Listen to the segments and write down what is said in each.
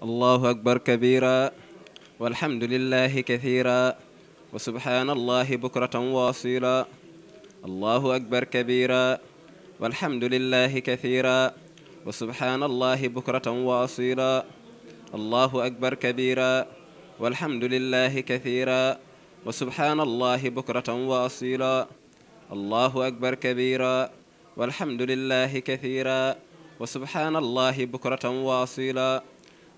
الله أكبر كبيرا والحمد لله كثيرا وسبحان الله بكرة واصيلا الله أكبر كبيرا والحمد لله كثيرا وسبحان الله بكرة واصيلا الله أكبر كبيرا والحمد لله كثيرا وسبحان الله بكرة واصيلا الله أكبر كبيرا والحمد لله كثيرا وسبحان الله بكرة واصيلا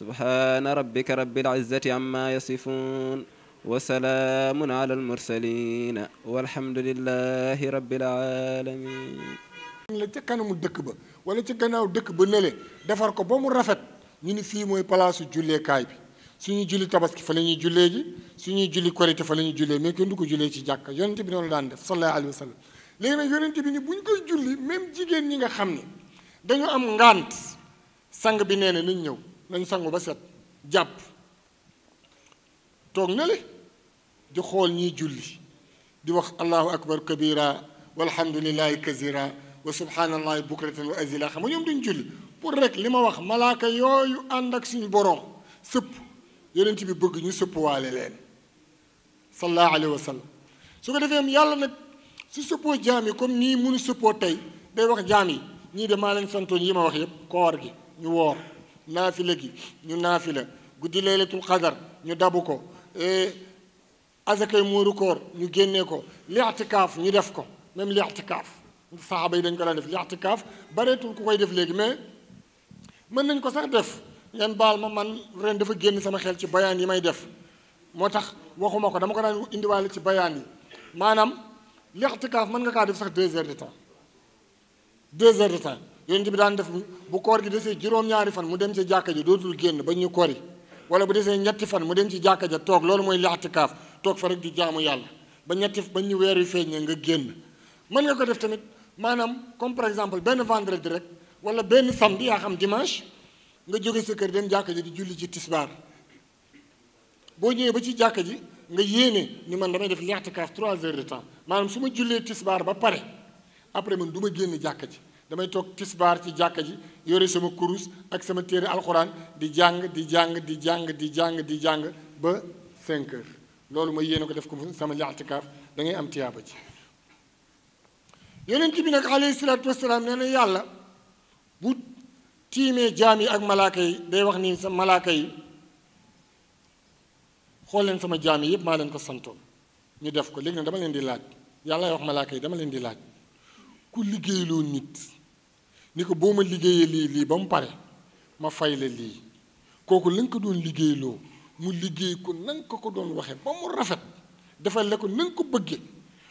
سبحان ربك رب العزة عما يصفون وسلام على المرسلين والحمد لله رب العالمين لتي كانو مدكبا ولا تي غناو دك با نلي دافار كو في موي بلاص جولي كاي بي سيني جولي تاباسكي فلا ني جولي جي سيني جولي كوريتي فلا ني جولي مي كندوكو جولي صلى الله عليه وسلم لي مي يونتي بي ني بوغ كاي جولي ميم جيجين ام غانت سانغ بي نينا nañ sangu ba set jàpp toog na le di xool ñi julli di wax allahu akbar kabira walhamdulillahi kasira wa subhanallahi bukratan wa azila xam ñoom duñ julli pour rek li ma wax malaaka yooyu ànd ak suñu borom sëpp yonent bi bëgg ñu sëppwaale leen sallallahu alayhi wa sallam su ko defee yàlla nag su sëppoo jaam yi comme nii mënu sëppoo tey day wax jaam yi ñii de maa leen santoon yi ma wax yépp koor gi ñu woor naafila gi ñu naafila guddi laylatul qadar ñu dabu ko azakay muuru koor ñu génnee ko li'tikaaf ñu def ko même li'tikaaf saxaaba yi dañ ko daan def li'tikaaf bareetul ku koy def léegi mais mën nañ ko sax def ngeen baal ma man ren dafa génn sama xel ci bayaan yi may def moo waxuma ko dama ko daan indiwaale ci bayaan yi maanaam li'tikaaf mën nga kaa def sax deux heures de temps deux heures de temps yonent bi daan def bu koor gi desee juróom-ñaari fan mu dem ci jàkka ji dootul génn ba ñu kori wala bu desee ñetti fan mu dem ci jàkka ja toog loolu mooy lixtikaaf toog fa rek di jaamu yàlla ba ñetti ba ñu weer yu feeñee nga génn mën nga ko def tamit maanaam comme par exemple benn vendredi rek wala benn samedi yaa xam dimanche nga jóge sa kër dem jàkka ji di julli ji tisbaar boo ñëwee ba ci jàkka ji nga yéene ni man damay def lixtikaaf trois heures de temps maanaam su ma jullee tisbaar ba pare après man du ma génn jàkka ji damay toog tisbaar ci jàkka ji yore sama kurus ak sama téere alxuraan di jàng di jàng di jàng di jàng di jàng ba 5 loolu mooy yéene ko def ko sama li'tikaaf da ngay am tiyaaba ji yonent bi nag alayhi salaatu wasalaam nee na yàlla bu tiimee jaam yi ak malaaka yi day wax nii sa malaaka yi xool leen sama jaam yi yépp maa leen ko santoon ñu def ko léegi nag dama leen di laaj yàlla wax malaaka yi dama leen di laaj ku liggéeyloon nit ni ko boo ma liggéeyee lii lii ba mu pare ma fay la lii kooku la nga ko doon liggéeyloo mu liggéey ko na ko ko doon waxee ba mu rafet defal la ko na nga ko bëggee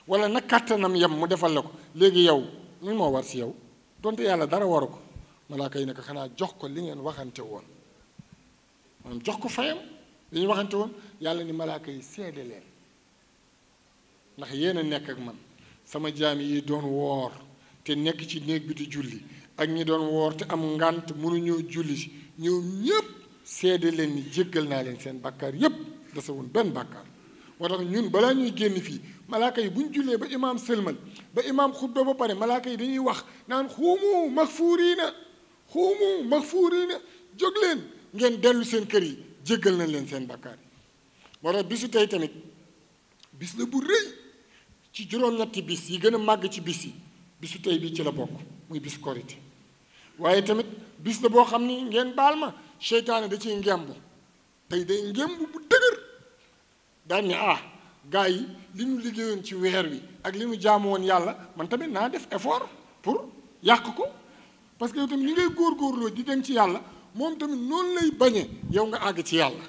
wala na kàttanam yam mu defal la ko léegi yow nu moo war si yow donte yàlla dara waru ko malaaka yi ne xanaa jox ko li ngeen waxante woon maanaam jox ko fayam li ñu waxante woon yàlla ni malaaka yi seede leen ndax yéen a nekk ak man sama jaam yi doon woor te nekk ci néeg bi di julli ak ñi doon woor te am ngànt mënuñoo julli ñëw ñépp seede leen ni jéggal naa leen seen bàkkaar yépp desewul benn bàkkaar moo tax ñun balaa ñuy génn fii malaaka yi bu ñu jullee ba imaam sëlmal ba imaam xutba ba pare malaaka yi dañuy wax naan xuumu maxfuuriina xuumu maxfuuriina jóg leen ngeen dellu seen kër yi jéggal nañ leen seen bàkkaar yi moo tax bisu tey tamit bis la bu rëy ci juróom-ñetti bis yi gën a màgg ci bis yi bisu tey bii ci la bokk muy bisu korite waaye tamit bis la boo xam ni ngeen baal ma seytaane da ci ngemb tey day ngemb bu dëgër daan ne ah gars yi li ñu liggéeyoon ci weer wi ak li ñu jaamu woon yàlla man tamit naa def effort pour yàq ko parce que yow tamit li ngay góorgóorloo di dem ci yàlla moom tamit noonu lay bañee yow nga àgg ci yàlla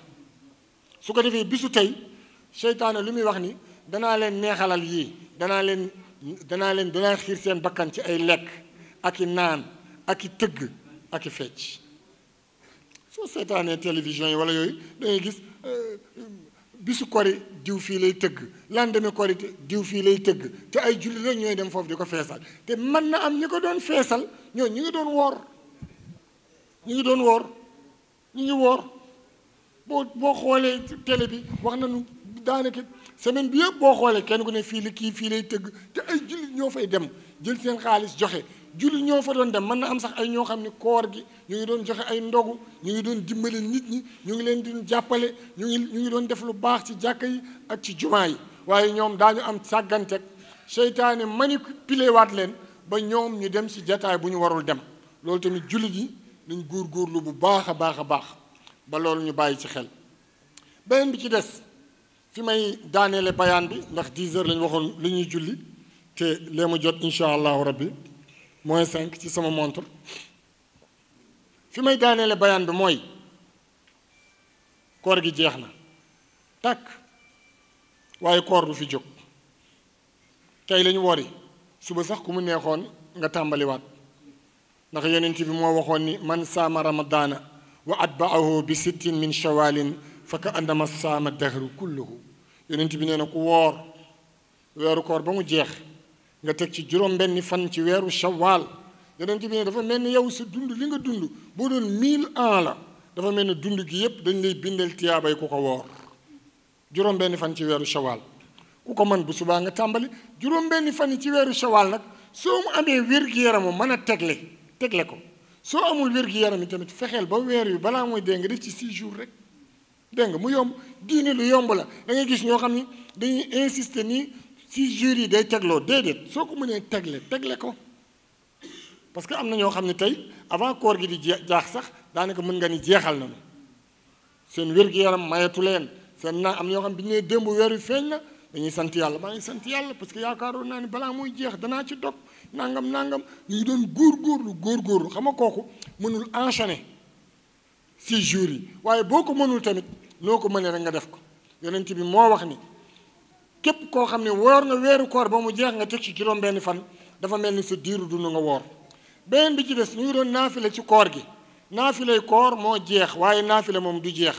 su ko defee bisu tey seytaane li muy wax ni danaa leen neexalal yii danaa leen danaa leen danaa xiir seen bakkan ci ay lekk ak i naan ak i tëgg ak i fecc soo seetaanee télévision yi wala yooyu dangay gis euh, bisu kori diw fii lay tëgg lendemain kori diw fii lay tëgg te ay jullit rek ñooy dem foofu di ko feesal te mën na am ñi ko doon feesal ñoo ñu ngi doon woor ñu ngi doon woor ñu ngi woor boo boo xoolee télé bi wax nañu daanaka semaine bi yëpp boo xoolee kenn ku ne fii la kii fii lay tëgg ay jullit ñoo fay dem jël seen xaalis joxe julli ñoo fa doon dem mën na am sax ay ñoo xam ni koor gi ñu ngi doon joxe ay ndogu ñu ngi doon dimbale nit ñi ñu ngi leen di jàppale ñu ngi ñu doon def lu baax ci jàkk yi ak ci jumaa yi waaye ñoom daañu am sàgganteeg seytaane manipulé waat leen ba ñoom ñu dem si jataay bu ñu warul dem loolu tamit jullit yi nañ góorgóorlu bu baax a baax a baax ba loolu ñu bàyyi ci xel beneen bi ci des fi may daaneele bayaan bi ndax 10 heures lañ waxoon li ñuy julli te lee jot incha allahu rabbi moins 5 ci sama montre fi may daaneele bayan bi moy koor gi jeexna tak waye koor du fi jóg tay lañu wori suba sax kumu neexon nga tambali wat ndax yonent bi mo waxon ni man saama ramadaana wa atbaahu bi sittin min shawalin fa ka andama saama dahru kulluhu yonent bi neena ku wor weru koor ba mu jeex nga teg ci juróom-benni fan ci weeru shawaal yonent bi ne dafa mel ni yow sa dund li nga dund boo doon mille ans la dafa mel ni dund gi yépp dañ lay bindal tiyaabay ku ko woor juróom-benni fan ci weeru shawaal ku ko man bu subaa nga tàmbali juróom-benni fan yi ci weeru shawaal nag soo mu amee wér yaram moom mën a tegle tegle ko soo amul wér-gu-yaram yi tamit fexeel ba weer yu balaa mooy dégg nga def ci six jours rek dégg nga mu yomb diine yomb la da gis ñoo xam ni dañuy insister nii si jury day tegloo déedéet soo ko mënee tegle tegle ko parce que am na ñoo xam ne tey avant koor gi di jaax sax daanaka mën nga ni jeexal nañu seen wér-gu-yaram mayatu leen seen naa am na ñoo xam bi ñu nee démb weer wi feeñ na dañuy sant yàlla maa ngi sant yàlla parce que yaakaaroon naa ni balaa muy jeex danaa ci dog nangam nangam ñu ngi doon góor góorgóorlu xam nga kooku mënul enchaîner si jours yi waaye boo ko mënul tamit noo ko mënee rek nga def ko yonent bi moo wax ni كيب كو خامي وور نا ويرو كور بامو جيخ nga تيك سي جيروم بن فان دا فا ملني سي ديرو دونو nga وور بن بي سي ديس ني رون نافله سي كور جي نافله كور مو جيخ واي نافله موم دو جيخ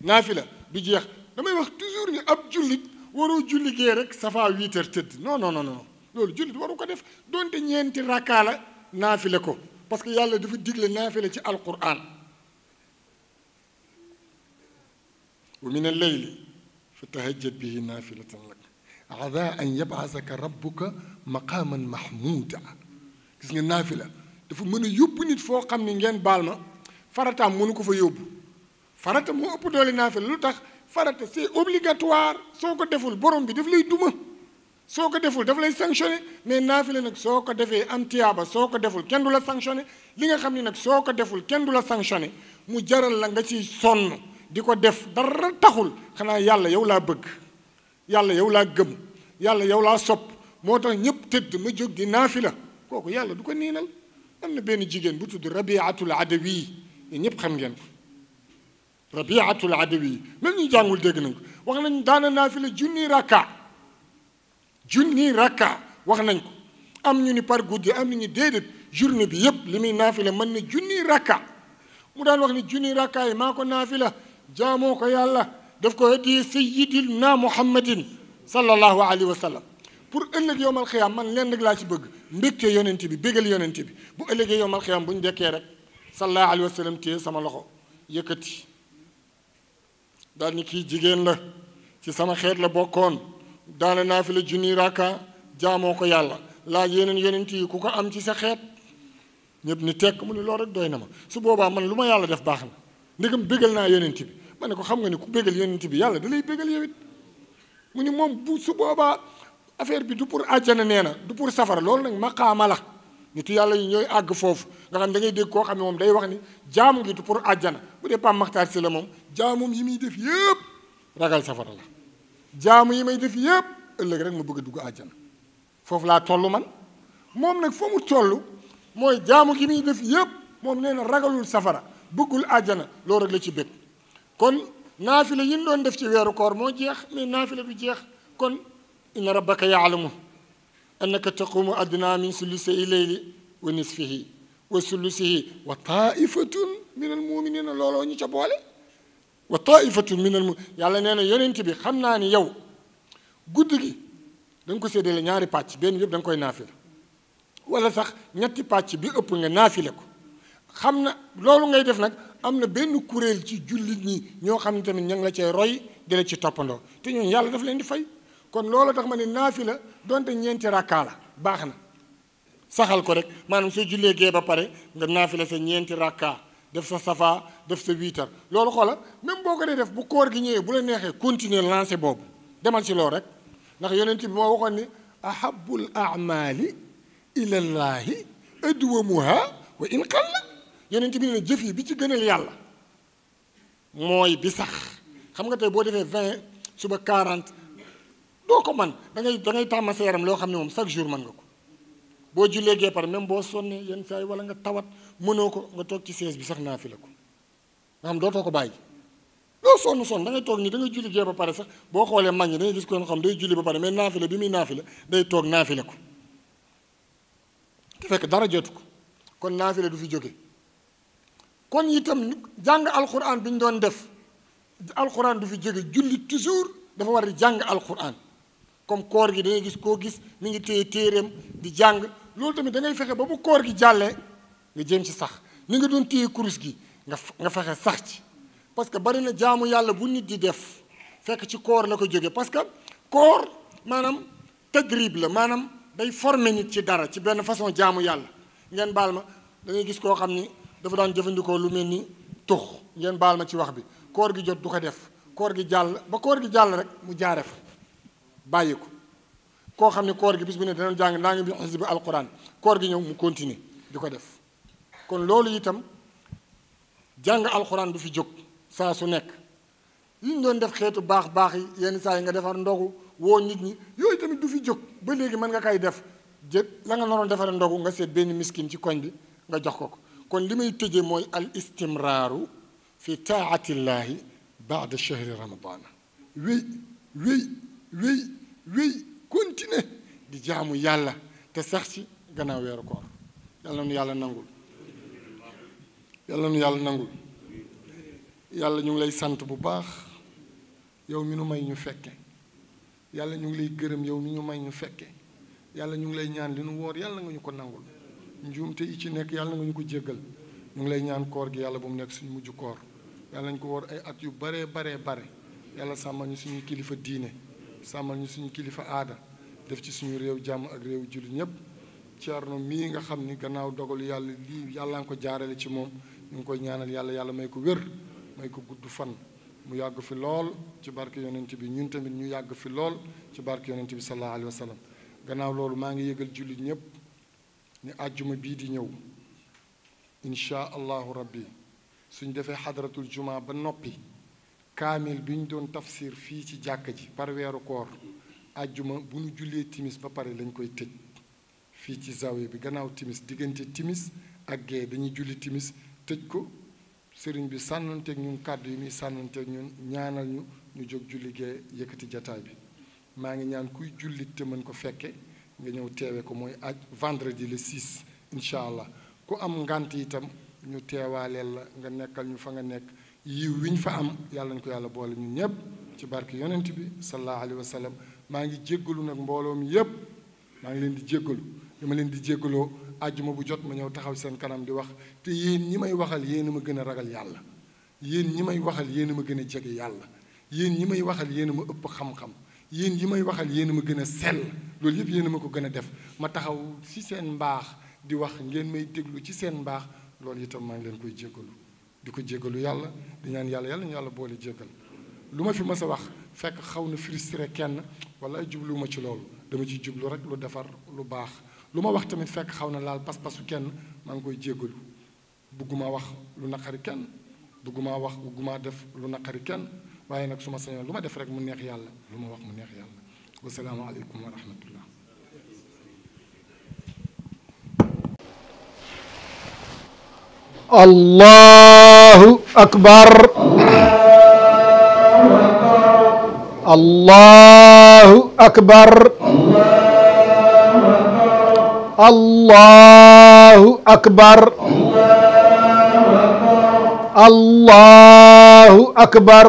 نافله دو جيخ داماي واخ توجور ني اب جوليت وارو جولي جي رك صفا 8 تد نو نو نو نو لولو جولي وارو كو ديف دونتي نينتي راكالا نافله كو باسكو يالا دا فا ديغلي نافله سي القران ومن الليل فتهجد به نافلة لك عذا أن يبعثك ربك مقاما محمودا كيس النافلة دفو منو يبني فوق من جن بالما فرتا منو في يب فرتا مو أبو دول النافلة لطخ فرتا سي أوبليغاتوار سوك دفو البرم بدفو لي دوما سوك دفو دفو لي سانشوني مي النافلة نك سوك دفو أمتيابا سوك دفو كندو لا سانشوني لينا خمني نك سوك دفو كندو لا سانشوني مجرن لنغتي سونو diko def dara taxul xana yàlla yow la bëgg yàlla yow la gëm yàlla yow la sop motax ñëpp tëdd ma jóg di naafila kooku yàlla duko ninal amna ben jigen bu tuddu rabiatul adawi ñëpp xam ngeen ko rabiatul adawi yi même ñu jàngul dégg nañ ko wax nañ daana naafila junni raka junni raka wax nañ ko am ñu ni par guddi am ñu dedet journée bi yëpp limi muy naafila mën na junni raka mu daan wax ni junni rakka yi maa ko naafila جاموك يا الله دفكو هدي سيدنا محمد صلى الله عليه وسلم pour ëllëg yowmal xiyaam man leen rek laa ci bëgg mbégte yonent bi bégal yonent bi bu ëllëgee yowmal xiyaam bu ñu dekkee rek sallallahu alayhi wa sallam téye sama loxo yëkkati daal ni kii jigéen la ci sama xeet la bokkoon daana naa fi la junni raka jaamoo ko yàlla laaj yeneen yonent yi ku ko am ci sa xeet ñëpp ni tekk mu ni loolu rek doy na ma su boobaa man lu ma yàlla def baax na ndegam bégal naa yonent bi ma ne ko xam nga ni ku bégal yonent bi yàlla dalay bégal yow mu ni moom bu su boobaa affaire bi du pour àjjana nee na du pour safar loolu nag maqaama la nitu yàlla yi ñooy àgg foofu nga xam da ngay dégg koo xam ne day wax ni jaamu ngi du pour àjjana bu dee pam si la moom yi muy def yépp ragal safara la jaamu yi may def yépp ëllëg rek ma bëgg a dugg àjjana foofu laa toll man moom nag fa mu toll mooy jaamu gi muy def yépp moom nee ragalul safara bëggul àjjana loolu rek la ci bëgg كون نافلة يندون دف تي ويرو كور مو جيخ مي نافلة بي جيخ كون إن ربك يعلم أنك تقوم أدنى من سلسي الليل ونصفه وسلسه وطائفة من المؤمنين لولو ني تشبولي وطائفة من المؤمنين يالا نانا يوننتي بي خمنا ني يو غودغي دنكو سيدي نياري باتش بين ييب دنكوي نافلة ولا صاح نياتي باتش بي اوب nga نافلة خمنا لولو ngay def nak am na benn kuréel ci jullit ñi ñoo xam ne tamit ña ngi la cay roy di la ci toppandoo te ñooñu yàlla daf leen di fay kon loolu tax ma ne naafila donte ñeenti rakkaa la baax na saxal ko rek maanaam soo jullee gee ba pare nga naafila sa ñeenti rakkaa def sa safa def sa wiitar loolu xoola même boo ko dee def bu koor gi ñëwee bu la neexee continuer lancé boobu demal si loolu rek ndax yonent bi moo waxoon ni ahabul amali ilallaahi adwamuha wa in qalla yonent bi ne jëf yi bi ci gënal yàlla mooy bi sax xam nga tey boo defee vingt suba quarante doo ko man da ngay da ngay tàmm sa yaram loo xam ne moom chaque jour man nga ko boo jullee gee par même boo sonnee yenn saa yi wala nga tawat mënoo ko nga toog ci sees bi sax naa fi ko nga xam dootoo ko bàyyi loo sonn sonn da ngay toog nii da ngay julli gee ba pare sax boo xoolee mag ñi da gis ko xam day julli ba pare mais naafila bi muy naafila day toog naafila ko te dara jotu ko kon naafila du fi jóge kon itam jàng alquran bi ñu doon def alxuraan du fi jóge julli toujours dafa war a jàng alxuraan comme koor gi dangay gis koo gis mi ngi téye téeréem di jàng loolu tamit da ngay fexe ba bu koor gi jàlle nga jéem ci sax ni nga doon téye kurus gi nga nga fexe sax ci parce que bari na jaamu yàlla bu nit di def fekk ci koor la ko jóge parce que koor maanaam tadrib la maanaam day former nit ci dara ci benn façon jaamu yàlla ngeen baal ma da gis koo xam ni dafa daan jëfandikoo lu mel ni tux ngeen baal ma ci wax bi koor gi jot du ko def koor gi jàll ba koor gi jàll rek mu jaare fa bàyyi ko koo xam ne koor gi bis bu ne dana jàng naa ngi bi xisbi koor gi ñëw mu continuer du ko def kon loolu itam jàng alxuraan du fi jóg saa su nekk li ñu doon def xeetu baax baax yi yenn saa yi nga defar ndogu woo nit ñi yooyu tamit du fi jóg ba léegi mën nga koy def jël la nga naroon defaree ndogu nga seet benn miskin ci bi nga jox ko ko kon li may tëje mooy al istimraaru fi taatillaahi baada chahri ramadana wéy wéy wéy wéy continuer di jaamu yàlla te sax ci gannaaw weeru koor yàlla nu yàlla nangul yàlla nu yàlla yàlla ñu ngi lay sant bu baax yow mi nu may ñu fekke yàlla ñu ngi lay gërëm yow mi ñu may ñu fekke yàlla ñu ngi lay ñaan li nu woor yàlla nga ñu ko nangul njuumte yi ci nekk yàlla na nga ñu ko jéggal ñu ngi lay ñaan koor gi yàlla bu mu nekk suñu mujj koor yàlla nañ ko woor ay at yu baree baree bare yàlla sàmmal ñu suñu kilifa diine sàmmal ñu suñu kilifa aada def ci suñu réew jàmm ak réew jullit ñëpp Thierno mii nga xam ni gannaaw dogalu yàlla lii yàlla nga ko jaarale ci moom ñu ngi koy ñaanal yàlla yàlla may ko wér may ko gudd fan mu yàgg fi lool ci barke yonent bi ñun tamit ñu yàgg fi lool ci barke yonent bi sallallahu alayhi wa sallam gannaaw loolu maa ngi yëgal jullit ñëpp ni àjjuma bii di ñëw inchaa allahu rabbi suñ defee xadaratul juma ba noppi kaamil bi ñu doon tafsir fii ci jàkka ji parweeru weeru koor àjjuma bu ñu jullee timis ba pare lañ koy tëj fii ci zawiya bi gannaaw timis diggante timis ak gee dañuy julli timis tëj ko sëriñ bi sànnanteeg ñun kàddu yi muy sànnanteeg ñun ñaanal ñu ñu jóg julli gee yëkkati jataay bi maa ngi ñaan kuy jullit te mën ko fekke nga ñëw teewe ko mooy aj vendredi le 6 incha allah ku am ngant itam ñu teewaaleel la nga nekkal ñu fa nga nekk yiw wi ñu fa am yàlla ñu ko yàlla boole ñu ñépp ci barke yonent bi sallallahu alayhi wa maa ngi jéggalu nag mbooloo mi yépp maa ngi leen di jéggalu dama leen di jéggaloo àjjuma bu jot ma ñëw taxaw seen kanam di wax te yéen ñi may waxal yéen a ma gën a ragal yàlla yéen ñi may waxal yéen ma gën a jege yàlla yéen ñi may waxal yéen ma ëpp xam yéen yi may waxal yéen a ma gën a sell loolu yëpp yéen ma ko gën a def ma taxaw ci seen mbaax di wax ngeen may déglu ci seen mbaax loolu itam maa ngi leen koy jéggalu di ko jéggalu yàlla di naan yàlla yàlla ñu yàlla boole jéggal lu ma fi mës a wax fekk xaw na frustré kenn wala jubluwuma ci loolu dama ci jublu rek lu defar lu baax lu ma wax tamit fekk xaw na laal pas-pasu kenn maa ngi koy jéggalu bëgguma wax lu naqari kenn bëgguma wax bëgguma def lu naqari kenn waaye nag suma ma sañoon lu ma def rek mu neex yàlla lu ma wax mu neex yàlla wasalaamaaleykum wa rahmatullah allahu akbar allahu akbar allahu akbar allahu akbar allahu akbar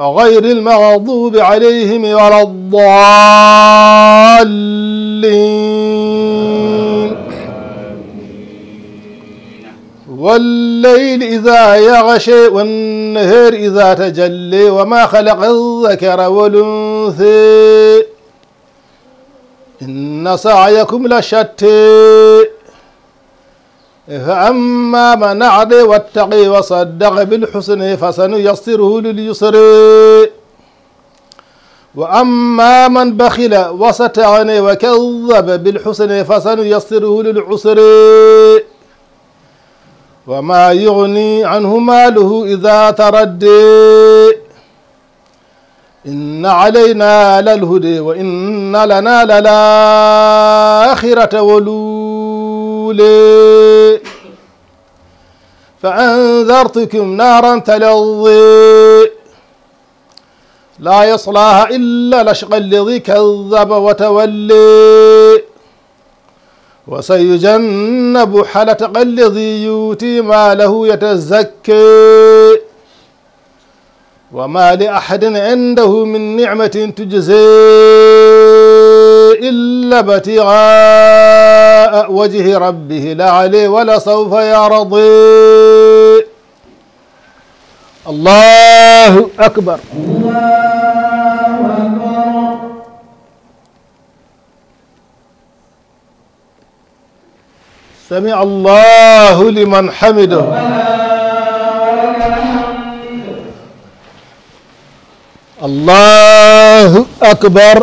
غير المغضوب عليهم ولا الضالين والليل إذا يغشي والنهر إذا تجلي وما خلق الذكر والأنثى إن سعيكم لشتى فأما من أعطي واتقي وصدق بالحسن فسنيسره لليسر وأما من بخل وستعني وكذب بالحسن فسنيسره للعسر وما يغني عنه ماله إذا تردي إن علينا للهدي وإن لنا للآخرة ولو رسولي فأنذرتكم نارا تلظي لا يصلاها إلا لشق الذي كذب وتولي وسيجنب حالة الذي يؤتي ماله يتزكي وما لأحد عنده من نعمة تجزي إلا ابتغاء وجه ربه لعلي ولسوف يرضي الله أكبر الله أكبر سمع الله لمن حمده الله أكبر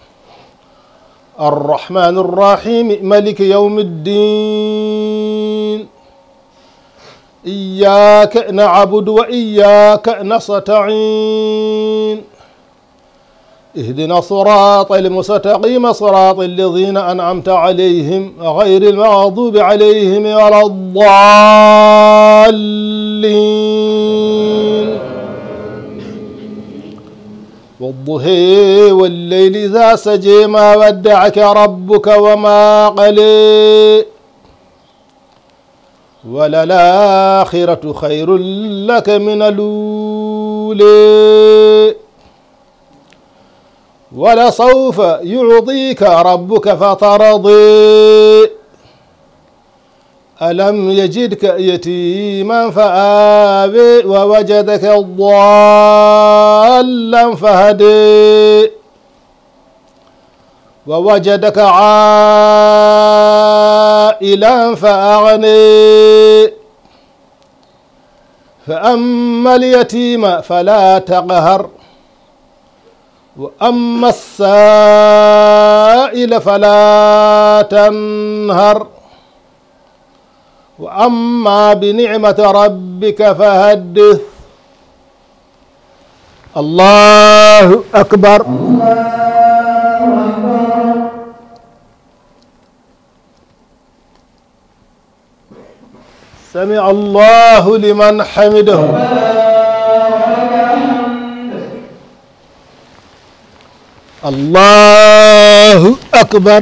الرحمن الرحيم ملك يوم الدين إياك نعبد وإياك نستعين اهدنا صراط المستقيم صراط الذين أنعمت عليهم غير المغضوب عليهم ولا الضالين والضحى والليل إذا سجي ما ودعك ربك وما قل وللآخرة خير لك من الأولي ولسوف يعطيك ربك فترضي ألم يجدك يتيما فآوي ووجدك ضالا فهدي ووجدك عائلا فأغني فأما اليتيم فلا تقهر وأما السائل فلا تنهر وأما بنعمة ربك فهدث الله أكبر سمع الله لمن حمده الله أكبر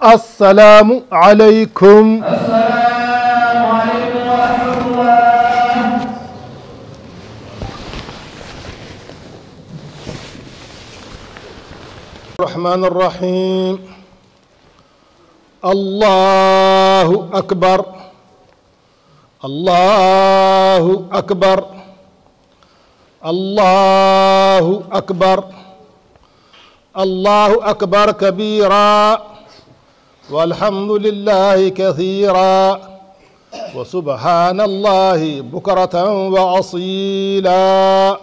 السلام عليكم السلام عليكم ورحمة الله الرحمن الرحيم الله أكبر الله أكبر الله أكبر الله أكبر كبيرا والحمد لله كثيرا وسبحان الله بكرة وأصيلا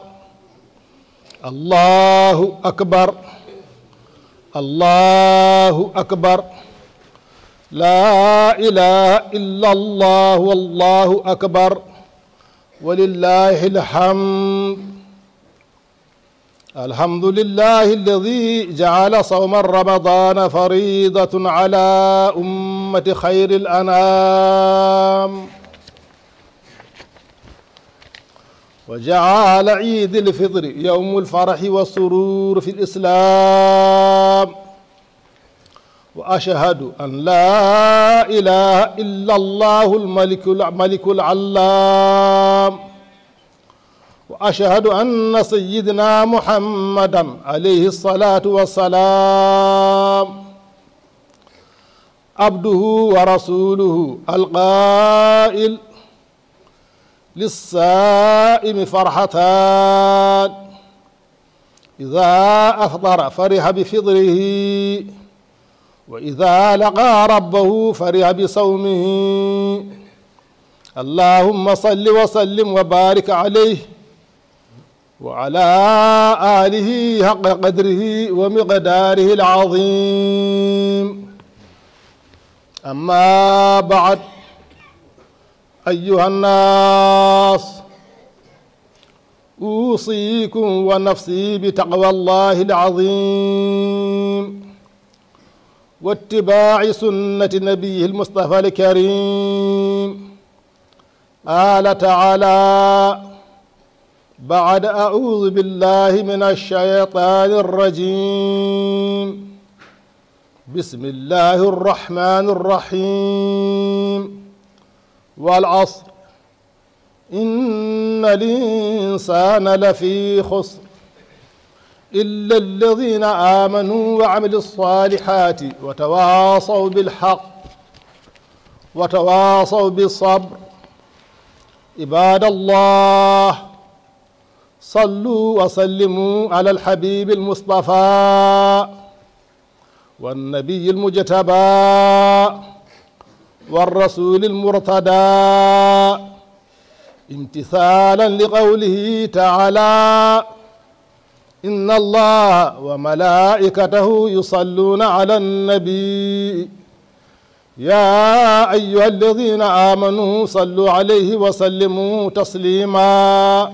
الله أكبر الله أكبر لا إله إلا الله والله أكبر ولله الحمد الحمد لله الذي جعل صوم رمضان فريضة على أمة خير الأنام وجعل عيد الفطر يوم الفرح والسرور في الإسلام وأشهد أن لا إله إلا الله الملك الملك العلام وأشهد أن سيدنا محمدا عليه الصلاة والسلام عبده ورسوله القائل للسائم فرحتان إذا أفطر فرح بفطره وإذا لقى ربه فرح بصومه اللهم صل وسلم وبارك عليه وعلى آله حق قدره ومقداره العظيم أما بعد أيها الناس أوصيكم ونفسي بتقوى الله العظيم واتباع سنة نبيه المصطفى الكريم قال تعالى بعد أعوذ بالله من الشيطان الرجيم بسم الله الرحمن الرحيم والعصر إن الإنسان لفي خسر إلا الذين آمنوا وعملوا الصالحات وتواصوا بالحق وتواصوا بالصبر عباد الله صلوا وسلموا على الحبيب المصطفى والنبي المجتبى والرسول المرتدى امتثالا لقوله تعالى إن الله وملائكته يصلون على النبي يا أيها الذين آمنوا صلوا عليه وسلموا تسليماً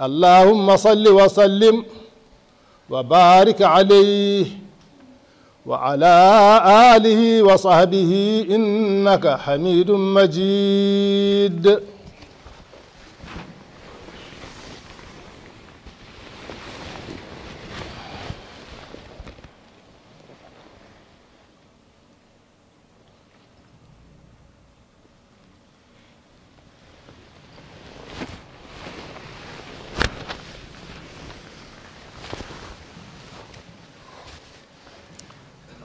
اللهم صل وسلم وبارك عليه وعلى آله وصحبه إنك حميد مجيد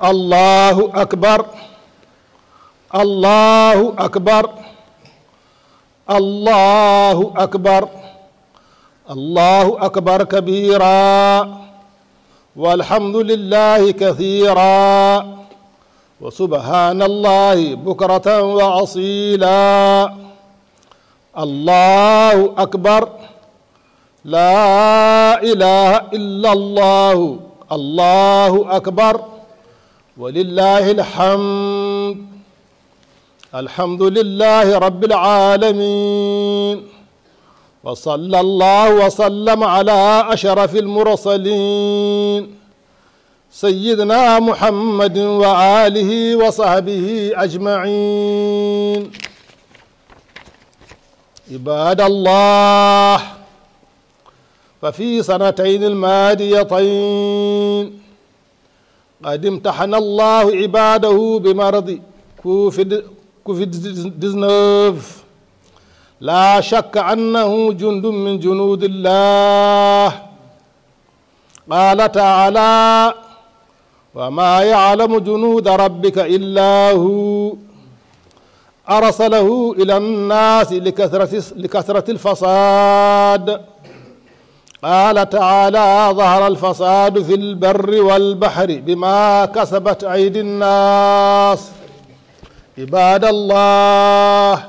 الله أكبر الله أكبر الله أكبر الله أكبر كبيرا والحمد لله كثيرا وسبحان الله بكرة وأصيلا الله أكبر لا إله إلا الله الله أكبر ولله الحمد الحمد لله رب العالمين وصلى الله وسلم على أشرف المرسلين سيدنا محمد وآله وصحبه أجمعين عباد الله ففي سنتين الماديتين قد امتحن الله عباده بمرض كوفيد 19 لا شك أنه جند من جنود الله قال تعالى وما يعلم جنود ربك إلا هو أرسله إلى الناس لكثرة, لكثرة الفساد قال تعالى ظهر الفساد في البر والبحر بما كسبت أيدي الناس عباد الله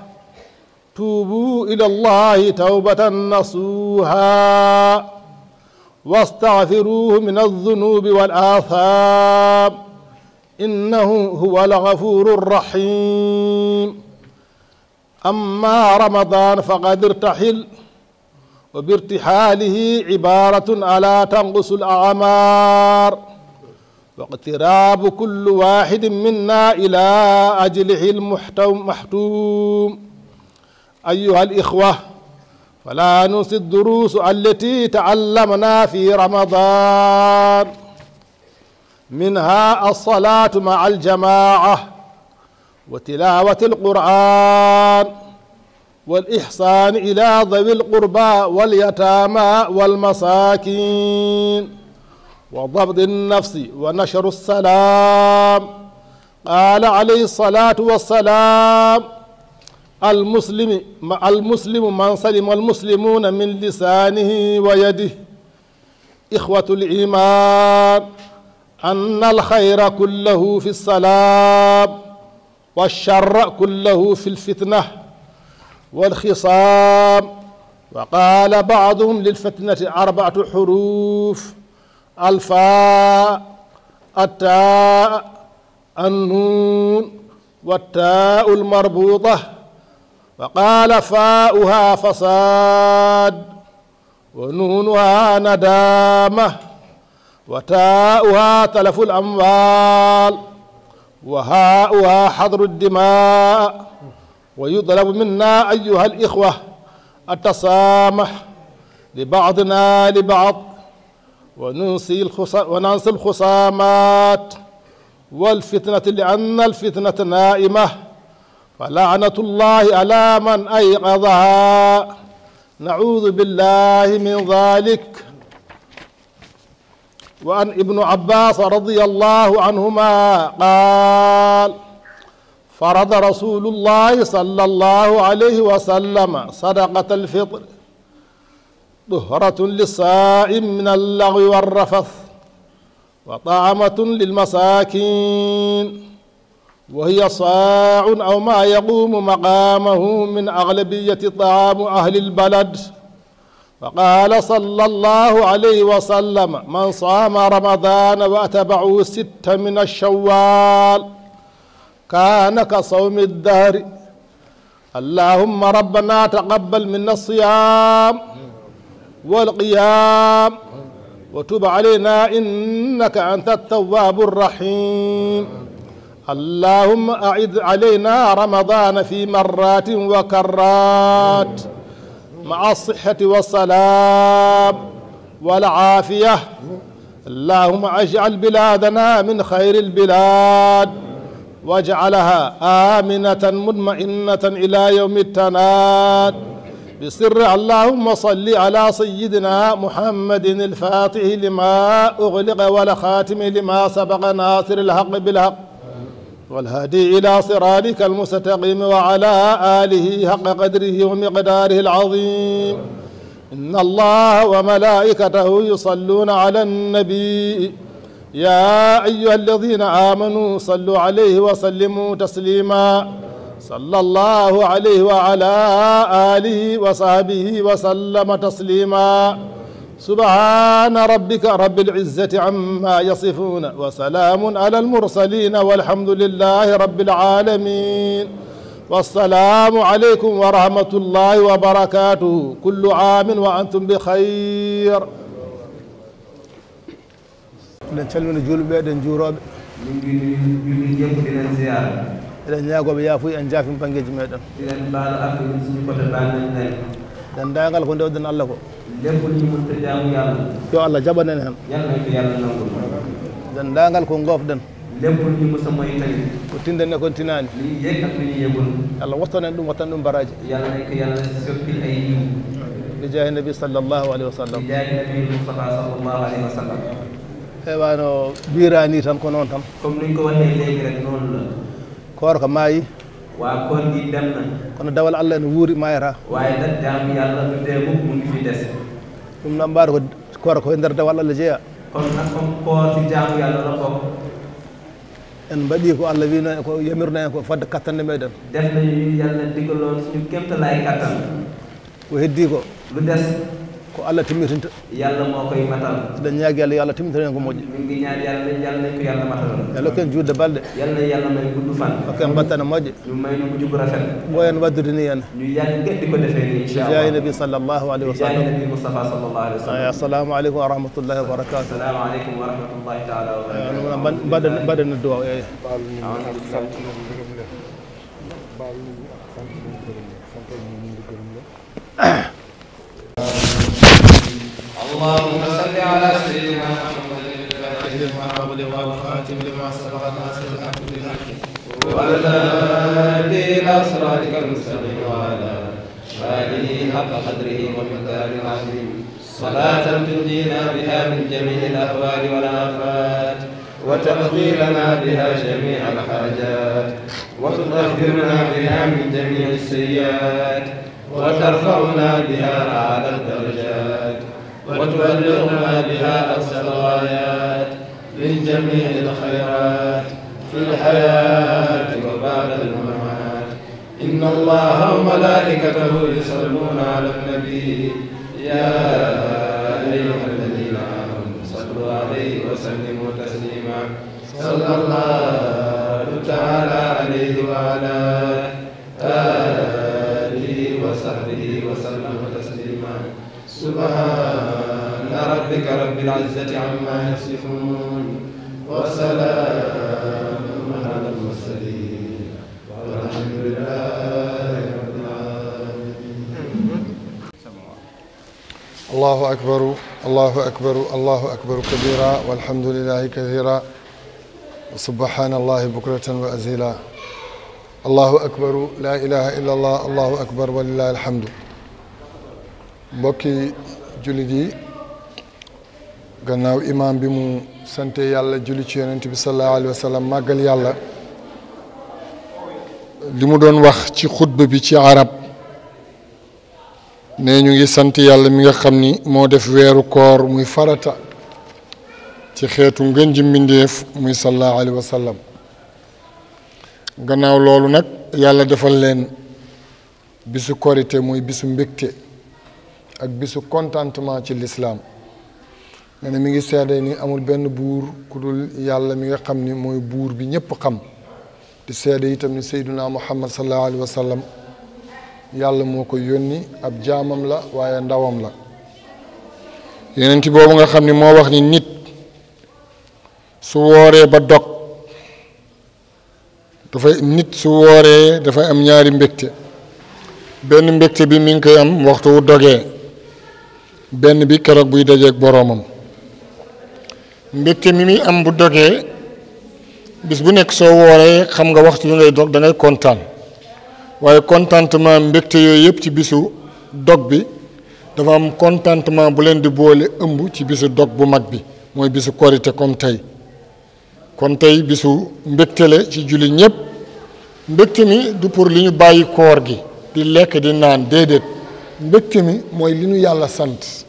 توبوا إلى الله توبة نصوها واستغفروه من الذنوب والآثام إنه هو الغفور الرحيم أما رمضان فقد ارتحل وبارتحاله عبارة على تنقص الأعمار واقتراب كل واحد منا إلى أجله المحتوم أيها الإخوة فلا ننسي الدروس التي تعلمنا في رمضان منها الصلاة مع الجماعة وتلاوة القرآن والإحسان إلى ذوي القربى واليتامى والمساكين وضبط النفس ونشر السلام قال عليه الصلاة والسلام المسلم المسلم من سلم المسلمون من لسانه ويده إخوة الإيمان أن الخير كله في السلام والشر كله في الفتنه والخصام وقال بعضهم للفتنة أربعة حروف الفاء التاء النون والتاء المربوطة وقال فاؤها فساد ونونها ندامة وتاؤها تلف الأموال وهاؤها حضر الدماء ويطلب منا أيها الإخوة التسامح لبعضنا لبعض وننسي وننسي الخصامات والفتنة لأن الفتنة نائمة فلعنة الله على من أيقظها نعوذ بالله من ذلك وأن ابن عباس رضي الله عنهما قال فرض رسول الله صلى الله عليه وسلم صدقة الفطر طهرة للصائم من اللغو والرفث وطعمة للمساكين وهي صاع أو ما يقوم مقامه من أغلبية طعام أهل البلد فقال صلى الله عليه وسلم من صام رمضان وأتبعه ستة من الشوال كان كصوم الدهر اللهم ربنا تقبل منا الصيام والقيام وتب علينا إنك أنت التواب الرحيم اللهم أعد علينا رمضان في مرات وكرات مع الصحة والسلام والعافية اللهم اجعل بلادنا من خير البلاد واجعلها آمنة مطمئنة إلى يوم التناد بسر اللهم صل على سيدنا محمد الفاتح لما أغلق والخاتم لما سبق ناصر الحق بالحق والهادي إلى صراطك المستقيم وعلى آله حق قدره ومقداره العظيم إن الله وملائكته يصلون على النبي يا أيها الذين آمنوا صلوا عليه وسلموا تسليما صلى الله عليه وعلى آله وصحبه وسلم تسليما سبحان ربك رب العزة عما يصفون وسلام على المرسلين والحمد لله رب العالمين والسلام عليكم ورحمة الله وبركاته كل عام وأنتم بخير eɗen calmina julɓe eɗen juuroɓe eɗen ñaagoɓe yaafuy en jaafim banggueji meɗen dendagal ko ndewɗen allah ko yo allah jaɓanen hen dendagal ko gofɗen lebbol ñimo so moyi tawi ko tinden e kon tinani min yekkam min yebol allah wottonen ɗum wottan ɗum baraji yallah ko yallah soppil ay ɗim bi jahi nabi sallllahu alayhi wa sallam bi jahi nabi mustafa sallllahu alayhi wa sallam heewano biirani tan ko noon tan comme niñ ko walle léegi rek noonu la koor ko maayi waa koor dem na kono dawal allah ene wuuri mayata waaye nag jaam yàlla du dee mukk mu ngi des ɗum noon mbaɗa ko koor ko e nder dawal allah jeeya kono nag comme koor si jaamu en mbaɗi ko allah wino e ko yamirno en ko fodde kattande meɗen def nañu yàlla digaloon suñu kemtalaay kattan ko heddi ko lu des ko Allah timmitinta yàlla moo koy matal dañ ñaag yàlla yàlla timmitina leen ko mojj mi ngi ñaan yàlla yàlla nañ ko yàlla matal yàlla ken juurde balde yàlla yàlla may gudd fan bakkan battana mojje ñu may ñu mujj bu rafet booyen waddudi ni yen ñu yàgg di ko defee nii incha allah jaay nabi sallallahu alayhi wa sallam jaay nabi Mustafa sallallahu alayhi wa sallam assalaamu aleykum wa rahmatullahi wa barakatuh assalaamu aleykum wa rahmatullahi taala wa barakatuh mbaɗa mbaɗana duwaw eyi baal اللهم صل على سيدنا محمد الفاتح لما أغلق والخاتم لما سبق الناس الحمد لله وعلى آله اسرارك المستقيم وعلى آله حق قدره ومقدار العظيم صلاة تنجينا بها من جميع الأهوال والآفات وتقضي لنا بها جميع الحاجات وتطهرنا بها من جميع السيئات وترفعنا بها أعلى الدرجات وتبلغنا بها أبسط الغايات من جميع الخيرات في الحياة وبعد الممات إن الله وملائكته يصلون على النبي يا أيها الذين آمنوا صلوا عليه وسلموا تسليما صلى الله تعالى ربك رب العزة عما يصفون وسلام على المرسلين والحمد لله رب العالمين الله أكبر الله أكبر الله أكبر كبيرا والحمد لله كثيرا سبحان الله بكرة وأزيلا الله أكبر لا إله إلا الله الله أكبر ولله الحمد بكي جلدي gannaaw imaam bi mu sante yàlla julli ci yonent bi sallallahu alayhi wa sallam màggal yàlla li mu doon wax ci xutba bi ci arab ne ñu ngi sant yàlla mi nga xam ni moo def weeru koor muy farata ci xeetu ngën ji mbindeef muy sallallahu alayhi wa sallam gannaaw loolu nag yàlla defal leen bisu korite muy bisu mbégte ak bisu contentement ci lislaam أنا ميغي سيادني أمول بن بور كدول يالله ميغي خمني موي بور بي نيب خم دي سيادي تام ني سيدنا محمد صلى الله عليه وسلم يالله موكو يوني اب جامام لا وايا نداوام لا يننتي بوبو nga xamni mo wax ni nit su woré ba dok da fay nit su woré da fay am ñaari mbekté ben mbekté bi mi ngi koy am waxtu wu dogé ben bi kérok buy dajé ak boromam mbégte mi muy am bu dogee bis bu nekk soo wooree xam nga waxtu yu ngay dog da ngay kontaan waaye contentement mbégte yooyu yëpp ci bisu dog bi dafa am contentement bu leen di boole ëmb ci bisu dog bu mag bi mooy bisu korite comme tey kon tey bisu mbégte ci julli ñëpp mbégte mi du pour li ñu bàyyi koor gi di lekk di naan déedéet mbégte mi mooy li ñu yàlla sant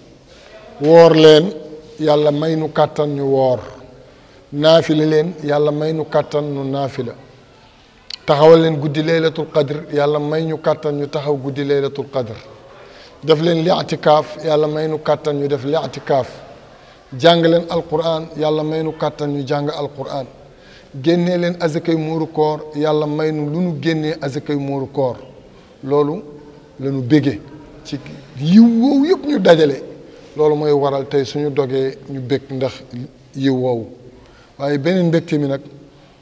woor leen yàlla may nu kàttan ñu woor naafila leen yàlla may nu kàttan nu naafila taxawal leen guddi laylatul qadr yàlla may ñu kàttan ñu taxaw guddi laylatul qadr def leen li'tikaaf yàlla may nu kàttan ñu def li'tikaaf jàng leen alquran yàlla may nu kàttan ñu jàng alquran génnee leen azakay muuru koor yàlla may nu lu nu génnee azakay muuru koor loolu la nu bége ci yiw yëpp ñu dajale loolu mooy waral tey suñu dogee ñu bég ndax yiw woowu waaye beneen mbégte mi nag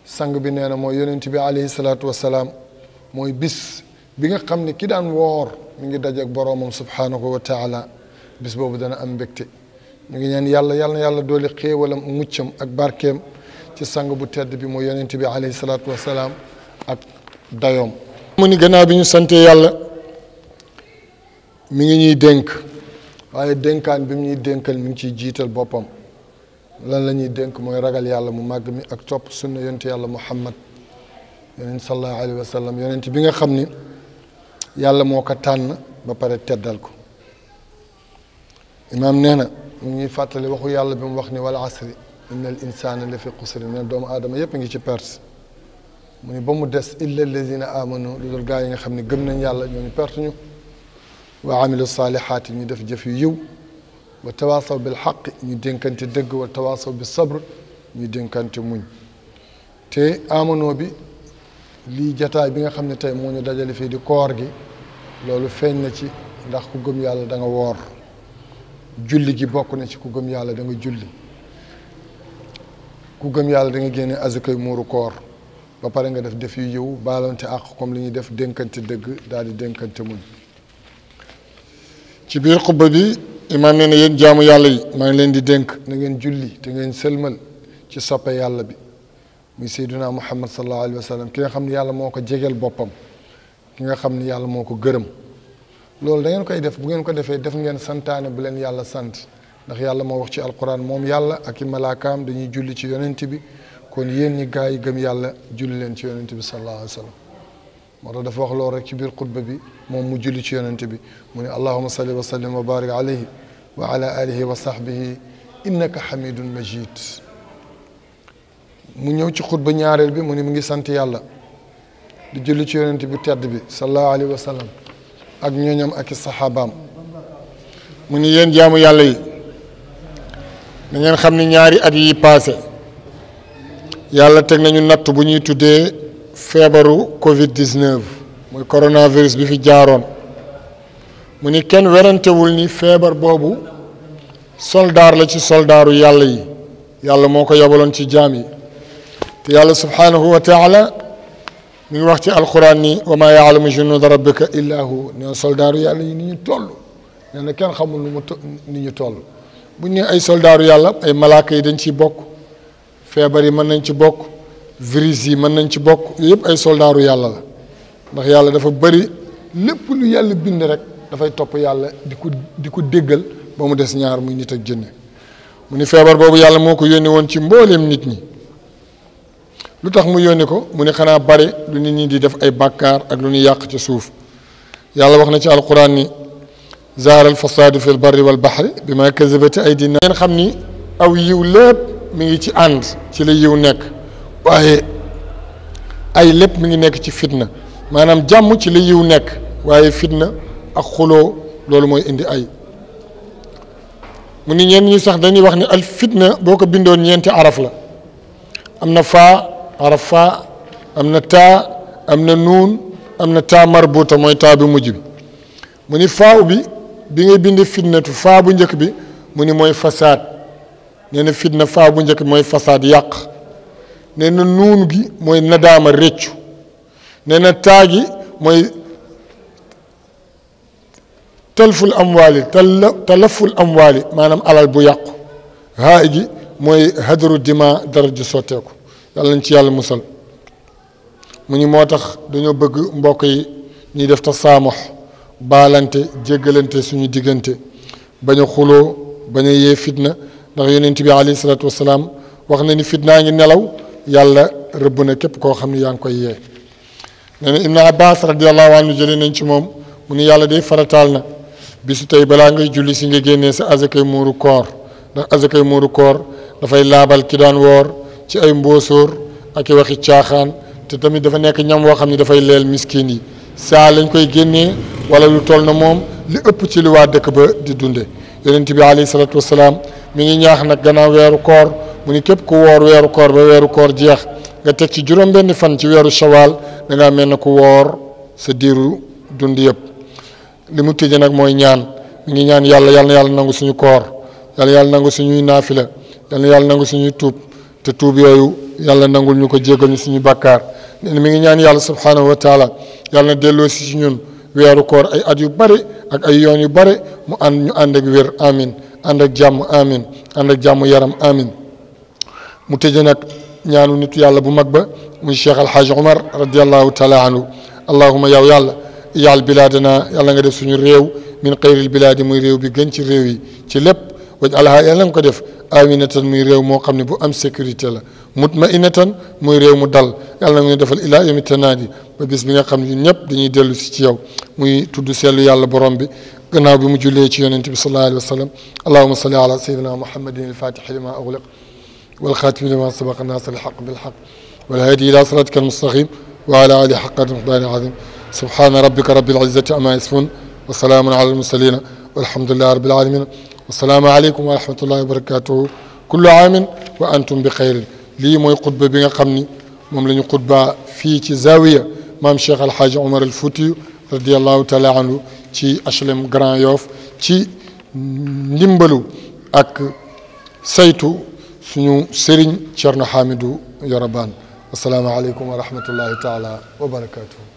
sang bi nee na mooy yonent bi alayhi salaatu wasalaam mooy bis bi nga xam ne kii daan woor mu ngi dajeek boroomam subhaanahu wa taala bis boobu dana am mbégte ñu ngi ñaan yàlla yàlla na yàlla dooli xéewalam muccam ak barkeem ci sang bu tedd bi mooy yonent bi alayhi salaatu wasalaam ak dayoom mu ni gannaaw bi ñu sante yàlla mu ngi ñuy dénk waaye dénkaan bi mu ñuy dénkal mi ngi ciy jiital boppam lan la ñuy dénk mooy ragal yàlla mu màgg mi ak topp sunna yonent yàlla muhammad yonent sallallahu alayhi wa sallam yonent bi nga xam ni yàlla moo ko tànn ba pare teddal ko imaam nee na mu ñuy fàttali waxu yàlla bi mu wax ni wal asri inna al insana la fi xusri ne doomu aadama yépp ngi ci pers mu ni ba mu des illa allazina amanu lu dul gaa yi nga xam ne gëm nañ yàlla ñooñu perte ñu wa amilu yi ñu def jëf yu yiw wa tawaasaw bil xaq ñu dénkante dëgg wa tawaasaw bi sabr ñu dénkante muñ te amonoo bi lii jataay bi nga xam ne tey moo ñu dajale fii di koor gi loolu feeñ na ci ndax ku gëm yàlla danga woor julli gi bokk na ci ku gëm yàlla da nga julli ku gëm yàlla da nga génne azukay muuru koor ba pare nga def def yu yiw baalante àq comme li ñuy def dénkante dëgg daal di dénkante muñ ci biir xutba bi imaam nee na yéen jaamu yàlla yi maa ngi leen di dénk na ngeen julli te ngeen sëlmal ci soppe yàlla bi muy seyduna muhammad sallallahu alayhi wa sallam ki nga xam ne yàlla moo ko jegeel boppam ki nga xam ne yàlla moo ko gërëm loolu da ngeen koy def bu ngeen ko defee def ngeen santaane bu leen yàlla sant ndax yàlla moo wax ci alquran moom yàlla ak i malaakaam dañuy julli ci yonent bi kon yéen ñi gaa yi gëm yàlla julli leen ci yonent bi sallallahu alayhi wa moo tax dafa wax loolu rek ci biir xutba bi moom mu julli ci yonente bi mu ne allahuma salli wa sallim wa barik alayhi wa ala alihi wa sahbihi innaka hamidun mu ñëw ci xutba ñaareel bi mu ne mu ngi sant yàlla di julli ci yonente bi tedd bi sallallahu alayhi wa ak ñooñam ak i saxaabaam mu ni yéen jaamu yàlla yi na ngeen xam ni ñaari at yi paase yàlla teg nañu natt bu ñuy tuddee feebaru Covid 19 muy coronavirus bi fi jaaroon mu ni kenn werantewul ni feebar boobu soldaar la ci soldaaru yàlla yi yàlla moo ko yobaloon ci jaam yi te yàlla subhanahu wa taala mi ngi wax ci alquran ni wa maa yaalamu junuuda rabbika illa hu nee soldaaru yàlla yi ni ñu toll nee na kenn xamul nu mu ni ñu toll ay soldaaru yàlla ay malaaka yi dañ ci bokk feebar yi mën nañ ci bokk virus yi mën nañ ci bokk yooyu ay soldaaru yàlla la ndax yàlla dafa bëri lépp lu yàlla bind rek dafay topp yàlla di ko di ko déggal ba mu des ñaar muy nit ak jën mu ni feebar boobu yàlla moo ko yónni woon ci mbooleem nit ñi lu tax mu yónni ko mu ne xanaa bari lu nit ñi di def ay bàkkaar ak lu ñu yàq ci suuf yàlla wax na ci alquran ni zaaral fasaadu fil bari wal baxri bi ma kasabati aydi ngeen xam ni aw yiw lépp mu ngi ci ànd ci la yiw nekk waaye ay lépp mu ngi nekk ci fitna maanaam jàmm ci li yiw nekk waaye fitna ak xuloo loolu mooy indi ay mu ni ñenn ñi sax dañuy wax ni al fitna boo ko bindoon ñeenti araf la am na faa araf faa am na taa am na nuun am na taa marbuuta mooy taa bu mujj bi mu ni faaw bi bi ngay bind fitnatu faa bu njëkk bi mu ni mooy fasaad nee na fitna faa bu njëkk bi mooy fasaad yàq nee nun gi moy nadama réccu nee na moy gi mooy talful amwal talla talaful amwaali maanaam alal bu yaq haaji moy hadru dima dara soteku yàlla nañ yàlla musal mu motax dañu bëgg mbokk yi ñi def ta samuh balante jéggelante suñu digënté baña xulo baña yé fitna ndax yonent bi alayhi salaatu wasalaam wax ni fitna ngi nelaw yàlla rëbb na képp koo xam ne yaa ngi koy yee nee na ibnu abbas radiallahu anhu jëlee nañ ci moom mu ni yàlla day farataal na bisu tey balaa ngay julli si nga génnee sa azakay muuru koor ndax muuru koor dafay laabal ki daan woor ci ay mboosóor ak i waxi caaxaan te tamit dafa nekk ñam woo xam ne dafay leel miskin yi saa lañ koy génnee wala lu toll na moom li ëpp ci li waa dëkk ba di dunde yonent bi alayhi salaam mu ngi ñaax nag gannaaw weeru koor muni ni képp ku woor weeru koor ba weeru koor jeex nga tek ci juroom benn fan ci weeru shawal da nga mel ne ku woor sa diru dund yëpp limu mu nak moy ñaan mi ngi ñaan yalla yalla yalla nangu suñu koor yalla yalla nangu suñu nafila yalla yalla nangu suñu tuub te tuub yoyu yalla nangul ñuko jéggal ñu suñu bakkar mi ngi ñaan yalla subhanahu wa taala yalla na ci ñun wéru koor ay at yu bari ak ay yoon yu bari mu and ñu and ak wér amin ànd ak amin ànd ak yaram amin متجنك نيانو نتو يالا بو مغبا من شيخ الحاج عمر رضي الله تعالى عنه اللهم يا يالا يا بلادنا يالا نغا ديف سونو ريو من خير البلاد موي ريو بي غنتي ريوي تي لب وجعلها يالا نكو ديف امينه موي ريو مو خامني بو ام سيكوريتي لا مطمئنه موي ريو مو دال يالا نغا ديفال الى يوم التنادي با بيس ميغا خامني نييب دي ني ديلو سي تي ياو تودو سيلو يالا بروم بي غناو بي مو جولي تي يونتبي صلى الله عليه وسلم اللهم صل على سيدنا محمد الفاتح لما اغلق والخاتم لما سبق الناس الحق بالحق والهادي إلى صراطك المستقيم وعلى آله حق المقدار العظيم سبحان ربك رب العزة عما يصفون وسلام على المرسلين والحمد لله رب العالمين والسلام عليكم ورحمة الله وبركاته كل عام وأنتم بخير لي موي xutba بيغا خامني موم لا نيو في تي زاويه مام شيخ الحاج عمر الفوتي رضي الله تعالى عنه تي اشلم غران يوف تي نيمبلو اك ci سنو سيرين تشرن حامدو يا ربان السلام عليكم ورحمه الله تعالى وبركاته